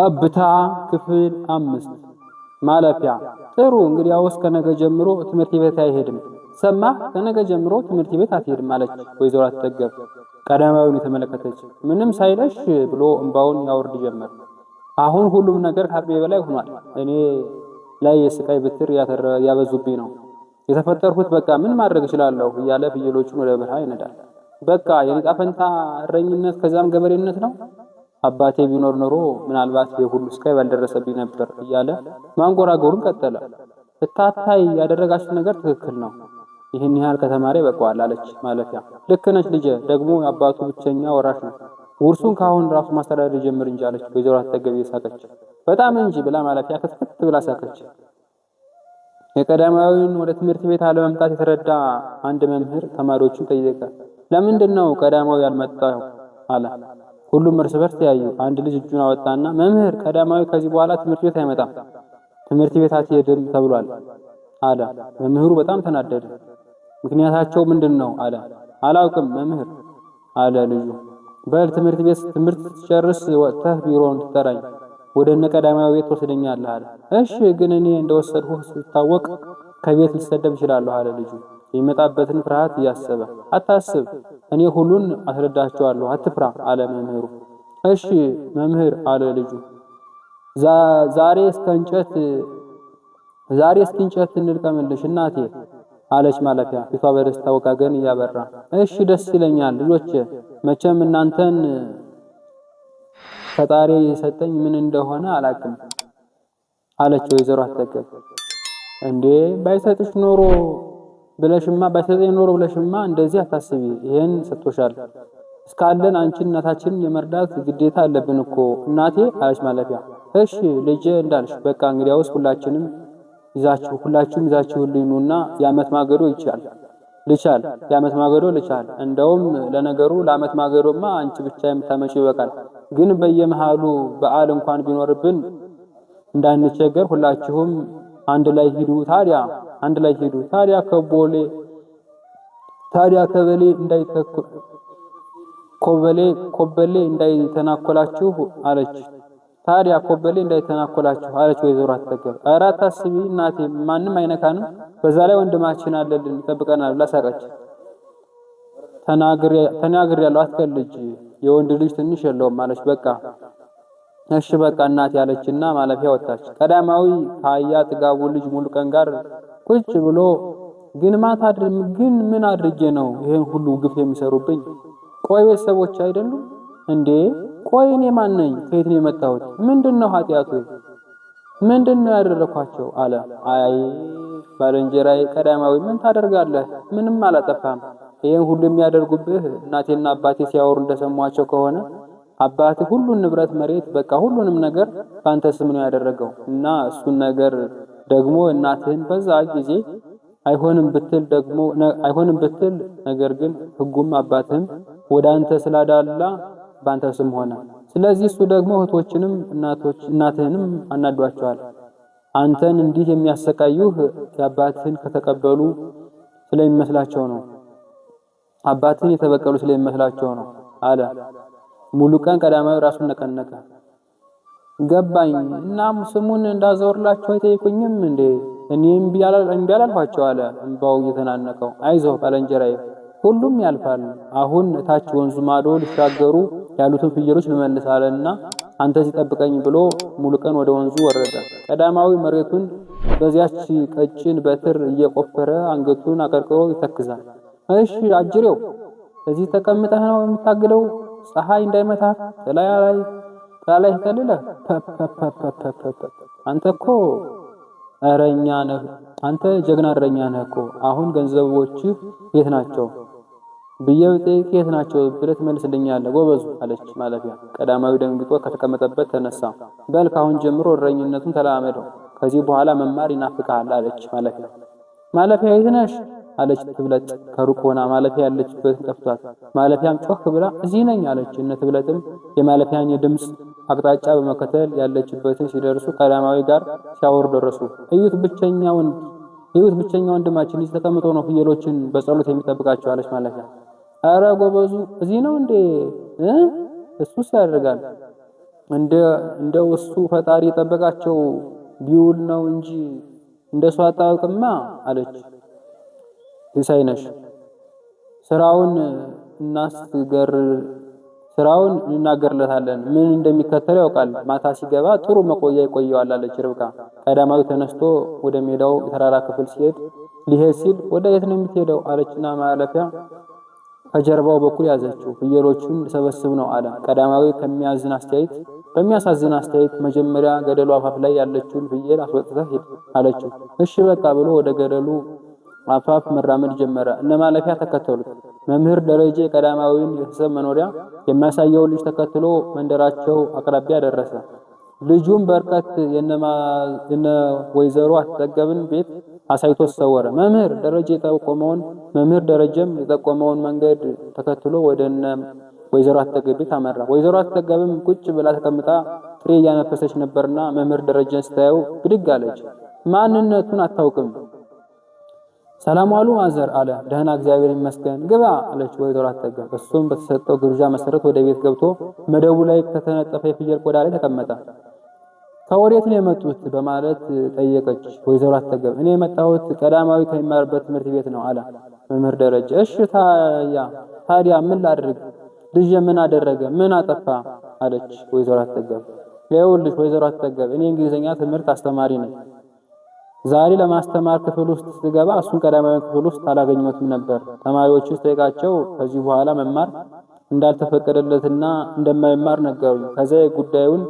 ጠብታ ክፍል አምስት ማለፊያ። ጥሩ እንግዲያውስ ከነገ ጀምሮ ትምህርት ቤት አይሄድም። ሰማ ከነገ ጀምሮ ትምህርት ቤት አትሄድም አለች ወይዘሮ አትጠገብ ቀዳማዊውን የተመለከተች። ምንም ሳይለሽ ብሎ እንባውን ያወርድ ጀመር። አሁን ሁሉም ነገር ከአቅሜ በላይ ሆኗል። እኔ ላይ የስቃይ ብትር ያበዙብኝ ነው የተፈጠርኩት። በቃ ምን ማድረግ እችላለሁ እያለ ፍየሎቹን ወደ በረሃ ይነዳል። በቃ የነጣ ፈንታ እረኝነት ከዛም ገበሬነት ነው። አባቴ ቢኖር ኖሮ ምናልባት የሁሉ እስከ ባልደረሰብኝ ነበር እያለ ማንጎራጎሩን ቀጠለ። እታታይ ያደረጋችሁት ነገር ትክክል ነው። ይህን ያህል ከተማሪ በቀዋል አለች ማለፊያ። ልክ ነች ልጄ፣ ደግሞ አባቱ ብቸኛ ወራሽ ነው። ውርሱን ካሁን ራሱ ማስተዳደር ጀምር እንጂ አለች ወይዘሮ አትጠገብ የሳቀች። በጣም እንጂ ብላ ማለፊያ ክትክት ብላ ሳቀች። የቀዳማዊውን ወደ ትምህርት ቤት አለመምጣት የተረዳ አንድ መምህር ተማሪዎቹን ጠየቀ። ለምንድን ነው ቀዳማዊ ያልመጣው አለ። ሁሉም እርስ በርስ ተያዩ። አንድ ልጅ እጁን አወጣና መምህር፣ ቀዳማዊ ከዚህ በኋላ ትምህርት ቤት አይመጣም፣ ትምህርት ቤት አትሄድም ተብሏል አለ። መምህሩ በጣም ተናደደ። ምክንያታቸው ምንድን ነው አለ። አላውቅም መምህር አለ ልጁ። በል ትምህርት ቤት ትምህርት ጨርስ ወጥተህ ቢሮውን ትጠራኝ ወደ እነ ቀዳማዊ ቤት ወስደኛለህ አለ። እሺ ግን እኔ እንደወሰድሁህ ስታወቅ ከቤት ልሰደብ እችላለሁ አለ ልጁ። የሚመጣበትን ፍርሃት እያሰበ አታስብ፣ እኔ ሁሉን አስረዳቸዋለሁ፣ አትፍራ አለ መምህሩ። እሺ መምህር አለ ልጁ። ዛሬ እስከ እንጨት ዛሬ እስኪ እንጨት እንልቀምልሽ እናቴ አለች ማለፊያ፣ ፊቷ በደስታ ወጋገን እያበራ። እሺ ደስ ይለኛል ልጆቼ፣ መቼም እናንተን ፈጣሪ የሰጠኝ ምን እንደሆነ አላቅም አለች ወይዘሮ አተገብ። እንዴ ባይሰጥሽ ኖሮ ብለሽማ ባይሰጠኝ ኖሮ ብለሽማ እንደዚህ አታስቢ። ይሄን ሰጥቶሻል እስካለን አንቺን እናታችን የመርዳት ግዴታ አለብን እኮ እናቴ አለች ማለፊያ። እሺ ልጄ እንዳልሽ በቃ እንግዲያውስ ሁላችንም ይዛችሁ ሁላችሁም ይዛችሁልኝ ኑና የዓመት ማገዶ ይቻል ልቻል የዓመት ማገዶ ልቻል። እንደውም ለነገሩ ለዓመት ማገዶማ አንቺ ብቻ የምታመጪው ይበቃል። ግን በየመሃሉ በዓል እንኳን ቢኖርብን እንዳንቸገር ሁላችሁም አንድ ላይ ሂዱ ታዲያ አንድ ላይ ሂዱ ታዲያ ከቦሌ ታዲያ ከበሌ እንዳይተኩ ኮበሌ ኮበሌ እንዳይተናኮላችሁ አለች። ታዲያ ኮበሌ እንዳይተናኮላችሁ አለች ወይዘሮ አትጠገብ። ኧረ አታስቢ እናቴ ማንም አይነካንም፣ በዛ ላይ ወንድማችን አለልን ይጠብቀናል ብላ ሳቀች። ተናግሬ ያለው አትከልጅ፣ የወንድ ልጅ ትንሽ የለውም አለች። በቃ እሺ በቃ እናት ያለችና ማለፊያ ወጣች። ቀዳማዊ ከአያ ጥጋቡ ልጅ ሙሉቀን ጋር ቁጭ ብሎ ግን ማታ ግን ምን አድርጌ ነው ይሄን ሁሉ ግፍ የሚሰሩብኝ? ቆይ ቤተሰቦች አይደሉም እንዴ? ቆይ እኔ ማን ነኝ? ከየት ነው የመጣሁት? ምንድነው ኃጢአቱ? ምንድነው ያደረኳቸው? አለ። አይ ባልንጀራዬ ቀዳማዊ ምን ታደርጋለህ? ምንም አላጠፋም። ይሄን ሁሉ የሚያደርጉብህ እናቴና አባቴ ሲያወሩ እንደሰሟቸው ከሆነ አባት ሁሉን ንብረት፣ መሬት፣ በቃ ሁሉንም ነገር ባንተ ስም ነው ያደረገው እና እሱን ነገር ደግሞ እናትህን በዛ ጊዜ አይሆንም ብትል ደግሞ አይሆንም ብትል ነገር ግን ህጉም አባትህም ወደ አንተ ስላዳላ ባንተ ስም ሆነ። ስለዚህ እሱ ደግሞ እህቶችንም እናቶች እናትህንም አናዷቸዋል። አንተን እንዲህ የሚያሰቃዩህ የአባትህን ከተቀበሉ ስለሚመስላቸው ነው፣ አባትህን የተበቀሉ ስለሚመስላቸው ነው አለ። ሙሉ ቀን ቀዳማዊ ራሱን ነቀነቀ። ገባኝ እናም ስሙን እንዳዘወርላችሁ አይጠይቁኝም እንዴ? እኔ እምቢ አላልኋቸው አለ እምባው እየተናነቀው። አይዞህ ባልንጀራዬ፣ ሁሉም ያልፋል። አሁን እታች ወንዙ ማዶ ሊሻገሩ ያሉትን ፍየሎች ልመልስ አለና አንተ ሲጠብቀኝ ብሎ ሙሉ ቀን ወደ ወንዙ ወረደ። ቀዳማዊ መሬቱን በዚያች ቀጭን በትር እየቆፈረ አንገቱን አቀርቅሮ ይተክዛል። እሺ አጅሬው፣ እዚህ ተቀምጠህ ነው የምታግደው ፀሐይ እንዳይመታ ጥላ ላይ ጥላ ላይ አንተ እኮ እረኛ ነህ። አንተ ጀግና እረኛ ነህ እኮ። አሁን ገንዘቦች የት ናቸው ብዬ ብጠይቅ የት ናቸው ብለህ ትመልስልኛለህ ጎበዙ አለች ማለፊያ። ቀዳማዊ ደንግጦ ከተቀመጠበት ተነሳ። በል ካሁን ጀምሮ እረኝነቱን ተላመደው። ከዚህ በኋላ መማር ይናፍቃል አለች ማለፊያ። ማለፊያ የት ነሽ? አለች ትብለት ከሩቅ ሆና ማለፊያ ያለችበት ጠፍቷት። ማለፊያም ጮክ ብላ እዚህ ነኝ አለች። እነ ትብለትም የማለፊያን የድምፅ አቅጣጫ በመከተል ያለችበትን ሲደርሱ ከአዳማዊ ጋር ሲያወሩ ደረሱ። እዩት ብቸኛ ወንድ እዩት ብቸኛ ወንድማችን እዚህ ተቀምጦ ነው ፍየሎችን በጸሎት የሚጠብቃቸው አለች ማለፊያ። አረ ጎበዙ እዚህ ነው እንዴ? እሱስ ያደርጋል እንደ እንደው እሱ ፈጣሪ የጠበቃቸው ቢውል ነው እንጂ እንደሷ አጣውቅማ አለች። ሲሳይ ነሽ። ስራውን እናስገር ስራውን እናገርለታለን ምን እንደሚከተል ያውቃል። ማታ ሲገባ ጥሩ መቆያ ይቆየዋል አለች ርብቃ። ቀዳማዊ ተነስቶ ወደ ሜዳው የተራራ ክፍል ሲሄድ ሊሄድ ሲል ወደ የት ነው የምትሄደው አለችና ማለፊያ ከጀርባው በኩል ያዘችው። ፍየሎቹን ሰበስብ ነው አለ ቀዳማዊ ከሚያዝን አስተያየት በሚያሳዝን አስተያየት መጀመሪያ ገደሉ አፋፍ ላይ ያለችውን ፍየል አስወጥተህ ሂድ አለችው። እሺ በቃ ብሎ ወደ ገደሉ አፋፍ መራመድ ጀመረ። እነ ማለፊያ ተከተሉት። መምህር ደረጀ ቀዳማዊን የሕሰብ መኖሪያ የሚያሳየው ልጅ ተከትሎ መንደራቸው አቅራቢያ ደረሰ። ልጁም በርቀት የነ ወይዘሮ አትጠገብን ቤት አሳይቶ ተሰወረ። መምህር ደረጀ የጠቆመውን መምህር ደረጀም የጠቆመውን መንገድ ተከትሎ ወደ እነ ወይዘሮ አትጠገብ ቤት አመራ። ወይዘሮ አትጠገብም ቁጭ ብላ ተቀምጣ ፍሬ እያነፈሰች ነበርና መምህር ደረጀን ስታየው ብድግ አለች። ማንነቱን አታውቅም። ሰላም ዋሉ ማዘር አለ። ደህና እግዚአብሔር ይመስገን ግባ አለች። ወይዘሮ አትጠገብ እሱም በተሰጠው ግብዣ መሰረት ወደ ቤት ገብቶ መደቡ ላይ ከተነጠፈ የፍየል ቆዳ ላይ ተቀመጠ። ከወዴት ነው የመጡት በማለት ጠየቀች። ወይዘሮ አትጠገብ እኔ የመጣሁት ቀዳማዊ ከሚማርበት ትምህርት ቤት ነው አለ መምህር ደረጀ። እሺ ታያ ታዲያ ምን ላድርግ ልጄ ምን አደረገ ምን አጠፋ አለች ወይዘሮ አትጠገብ። ይኸውልሽ ወይዘሮ አትጠገብ እኔ እንግሊዝኛ ትምህርት አስተማሪ ነኝ ዛሬ ለማስተማር ክፍል ውስጥ ስገባ እሱን ቀዳማዊ ክፍል ውስጥ አላገኘሁትም ነበር። ተማሪዎቹ ስጠይቃቸው ከዚህ በኋላ መማር እንዳልተፈቀደለትና እንደማይማር ነገሩኝ። ከዛ ጉዳዩን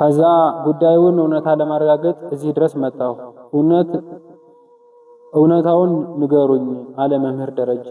ከዛ ጉዳዩን እውነታ ለማረጋገጥ እዚህ ድረስ መጣሁ። እውነት እውነታውን ንገሩኝ አለ መምህር ደረጀ።